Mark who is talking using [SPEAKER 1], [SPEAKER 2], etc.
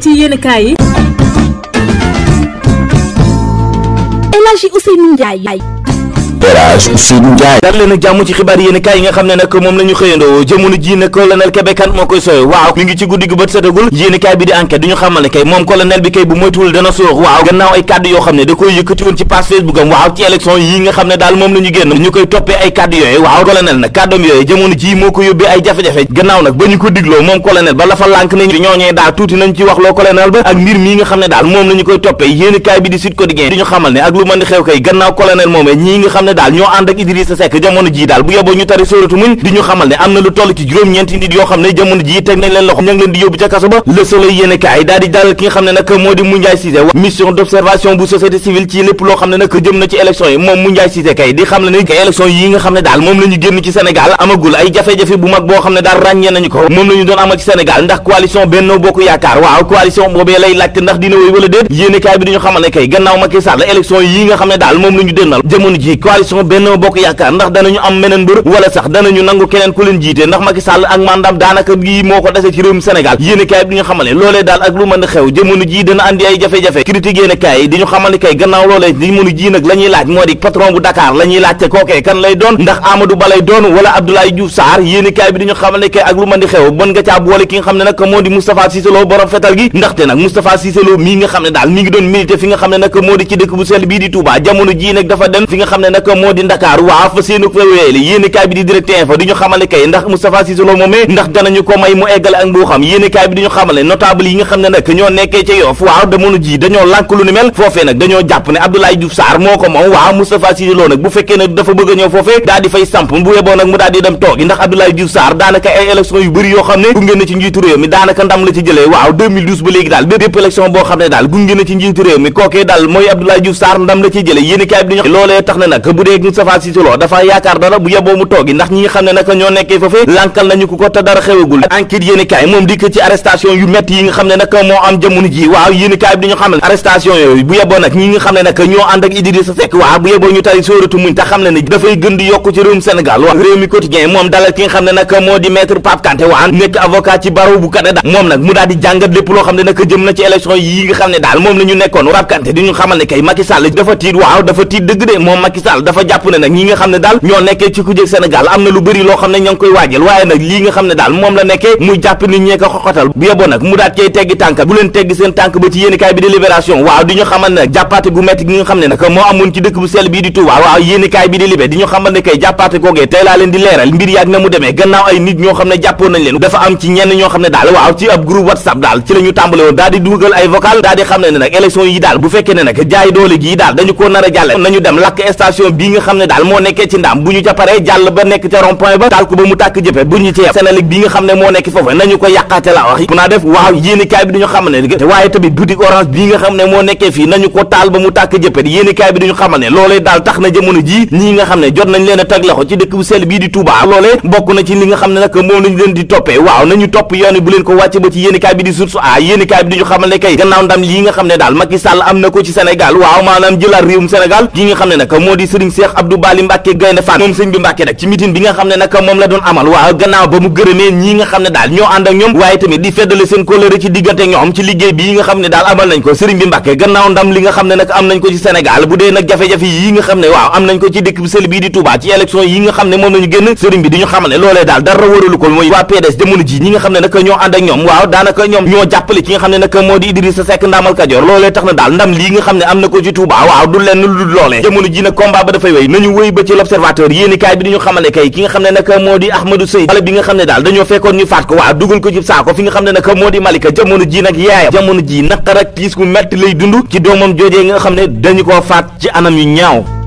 [SPEAKER 1] ci yenn kaay yi El Hadji Ndiaye repérage Ousseynou jàmm ci xibaar yéen kaay yi nga xam ne nag moom la xëyandoo jamono ji ne colonel Kébé moo koy sooy waaw mi ngi ci guddi gu bët setagul yéen kaay bi di enquête du ñu xamal ne daal moom la koy toppee ay kàddu bi di Sud Quotidien du ñu xamal ne ak lu mën di xew kay gannaaw colonel moomee ñii nga xam ne daal ñoo ànd ak Idrissa Seck jamono ji daal bu yeboo ñu tari sóoratu muñ di ñu xamal ne am na lu toll ci juróom-ñeenti nit yoo xam ne jamono ji teg nañ leen loxo wa ñu daal moom la ñu doon amal ci yi coalition Benno Bokk Yaakaar ndax danañu am meneen mbër wala sax danañu nangu keneen ku leen jiite ndax Macky Sall ak ko dese ci réewum Sénégal yéene bi ñu xamal ne loolee daal ak lu mën a xew jamono ji dana andi ay jafe-jafe di ñu xamal ne gannaaw loolee jamono ji nag la ñuy laaj moo di patron bu Dakar la ñuy laajte kan lay doon ndax Amadou Ba lay doon wala Abdoulaye Diouf Sarr yéene kaay bi di ñu xamal ne ak lu mën di xew mën nga caa xam ne nag moo di Moustapha Cissé Lo borom fetal gi ndaxte nag Moustapha Cissé Lo mii nga xam ne daal mi ngi doon milité fi nga xam ne nag moo di ci dëkk bu sell bii di Touba jamono ji nag dafa dem fi nga xam ne nag daanaka moo di ndakaaru waaw fa seenu fa wéyale yéen i kaay bi di direct info di ñu xamal ne kay ndax Moustapha Cissé Lo moomee ndax danañu ko may mu eggale ak mboo xam yéen i kaay bi di ñu xamal ne notable yi xam ne nag ñoo nekkee ca Yoff waaw damono ji dañoo lànk ne Abdoulaye Diouf Sarr ko moom a mu daal di dem xam ne gunge na ci daanaka ndam la ci jëlee waaw 2012 ba léegi daal bépp élection boo xam ne daal gunge na ci njiitu réew mi kookee daal mooy Abdoulaye bu dee Moustapha Cissé Lo dafa yaakaar dara bu yeboo mu toogi ndax ñi nga xam ne naka moo di yokk ci réewum nekk avocat ci barreau bu Canada moom nag mu daal jàngat lépp loo xam ne naka jëm na ci élection yi nga xam ne daal moom la ñu nekkoon Pape di ñu xamal ne kay Macky Sall dafa tiit waaw dafa tiit dëgg de moom Macky Sall dafa jàpp ne nag ñi nga xam ne daal ñoo nekkee ci ku jëg Sénégal am na lu bëri loo xam ne ña ngi koy waajal waaye nag lii nga xam ne daal moom la nekkee muy jàpp nit ñee ko xoxatal bu yeboo nag mu daat cay teggi tànk bu leen teggi seen tànk ba ne jàppaate moo amoon ci bi di Libé di ñu xamal ne kay jàppaate googee tey laa leen di leeral mbir ñoo xam ne jàppoon nañ leen dafa am ci ñenn ñoo xam ne daal waaw ci ab groupe WhatsApp daal ci la ñu tàmbale woon daal di dugal ay vocal daal di xam ne nag élection yi daal bu fekkee ne nag jaay doole gi daal dañu ko nar a jàlle nañu dem lakk station bii nga xam ne daal moo nekkee ci ndaam bu ñu ca paree jàll ba nekk ca rond-point ba taal ko ba mu tàkk jëppe bu ñu ci yem Senelec nga xam ne moo moo nekkee a teg loxo ci dëkk bu sell bii di na ci li nga xam ne nag moom lañu leen di toppee a yéenekaay bi duñu xamal ndam lii nga xam ne daal Macky Sall am na ko ci Sénégal waaw maanaam jëlaat réewum Sénégal gi nga xam ne nag moo di sëriñ Cheikh Abdou Bali Mbacke Gaynde Faat moom sëñ bi Mbacke nag ci mitin bi nga xam ne nag moom la doon amal waaw gannaaw ba mu gërëmee ñi nga xam ne daal ñoom waaw daanaka ñoom ñoo jàppale ki nga xam ne nag moo di Idrissa Seck ndaamal Kajoor loolee tax na daal ndam lii nga xam ne am na ko ci Touba waaw du lenn loolee jamono ji nag combat Samba dafay wéy nañu wéy ba ci l'observateur yéeni bi di ñu xamal ne kay ki nga xam ne nag moo di Ahmadou Sey xale bi nga xam ne daal dañoo fekkoon ñu faat ko waaw dugal ko ci saako fi nga xam ne nag moo di Malika jamono ji nag yaayam jamono ji naqar ak tiis gu metti lay dund ci doomam joojee nga xam ne dañu koo faat ci anam yu ñaaw